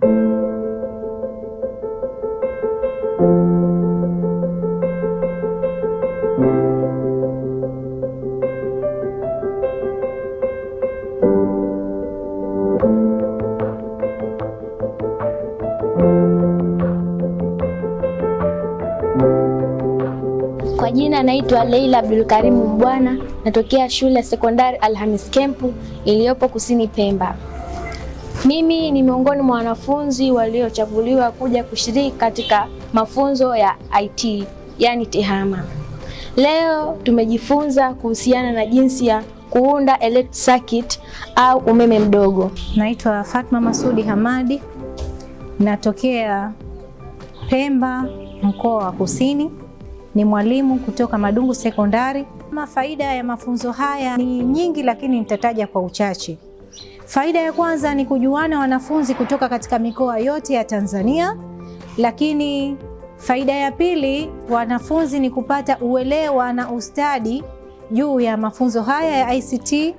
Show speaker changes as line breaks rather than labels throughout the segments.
Kwa jina naitwa Leila Abdulkarimu Mbwana, natokea shule ya sekondari Alhamis Kempu iliyopo kusini Pemba. Mimi ni miongoni mwa wanafunzi waliochaguliwa kuja kushiriki katika mafunzo ya IT, yani TEHAMA. Leo tumejifunza kuhusiana na jinsi ya kuunda electric circuit au umeme mdogo.
Naitwa Fatma Masudi Hamadi, natokea Pemba, mkoa wa Kusini. Ni mwalimu kutoka Madungu Sekondari. Faida ya mafunzo haya ni nyingi, lakini nitataja kwa uchache. Faida ya kwanza ni kujuana wanafunzi kutoka katika mikoa yote ya Tanzania, lakini faida ya pili wanafunzi ni kupata uelewa na ustadi juu ya mafunzo haya ya ICT,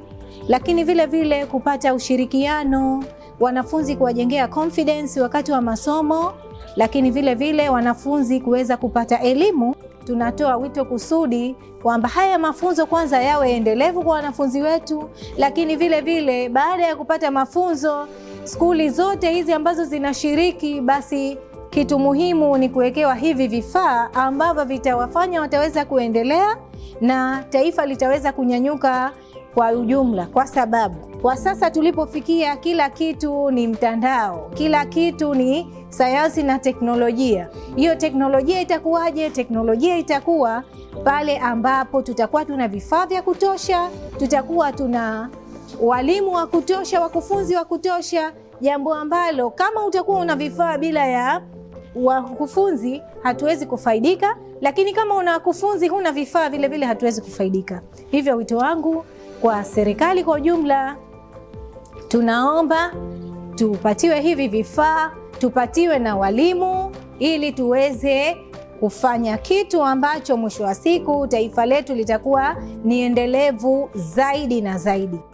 lakini vile vile kupata ushirikiano, wanafunzi kuwajengea confidence wakati wa masomo, lakini vile vile wanafunzi kuweza kupata elimu tunatoa wito kusudi kwamba haya mafunzo kwanza yawe endelevu kwa wanafunzi wetu, lakini vile vile baada ya kupata mafunzo, skuli zote hizi ambazo zinashiriki basi kitu muhimu ni kuwekewa hivi vifaa ambavyo vitawafanya wataweza kuendelea na taifa litaweza kunyanyuka kwa ujumla, kwa sababu kwa sasa tulipofikia, kila kitu ni mtandao, kila kitu ni sayansi na teknolojia. Hiyo teknolojia itakuwaje? Teknolojia itakuwa pale ambapo tutakuwa tuna vifaa vya kutosha, tutakuwa tuna walimu wa kutosha, wakufunzi wa kutosha, jambo ambalo kama utakuwa una vifaa bila ya wakufunzi hatuwezi kufaidika, lakini kama una wakufunzi huna vifaa vile vile hatuwezi kufaidika. Hivyo wito wangu kwa serikali kwa ujumla, tunaomba tupatiwe hivi vifaa, tupatiwe na walimu ili tuweze kufanya kitu ambacho mwisho wa siku taifa letu litakuwa ni endelevu zaidi na zaidi.